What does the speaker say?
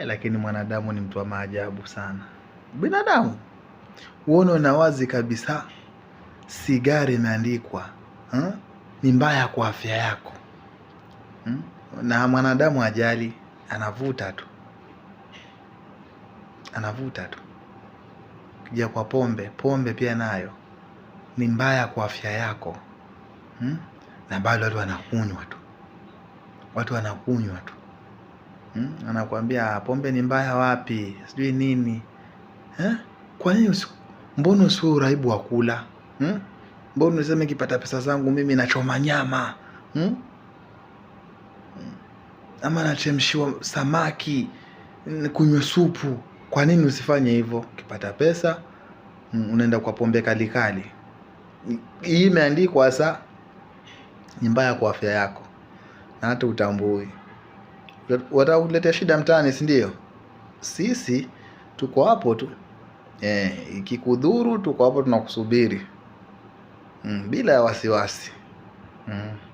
eh, lakini mwanadamu ni mtu wa maajabu sana. Binadamu uone na wazi kabisa, sigara imeandikwa hmm? ni mbaya kwa afya yako hmm? na mwanadamu ajali, anavuta tu anavuta tu. Kija kwa pombe, pombe pia nayo ni mbaya kwa afya yako hmm? na bado watu wanakunywa tu, watu wanakunywa tu hmm? Anakuambia pombe ni mbaya wapi, sijui nini eh? Kwa nini usi, mbona usiwe uraibu wa kula hmm? Mbona unasema nikipata pesa zangu mimi nachoma nyama hmm? Ama nachemshiwa samaki, kunywa supu. Kwa nini usifanye hivyo? Ukipata pesa hmm, unaenda kwa pombe kalikali. Hii imeandikwa, sa ni mbaya kwa afya yako na hata utambui wataka kutuletea shida mtaani, si ndio? Sisi tuko hapo tu eh, ikikudhuru tuko hapo tunakusubiri, mm, bila ya wasiwasi mm.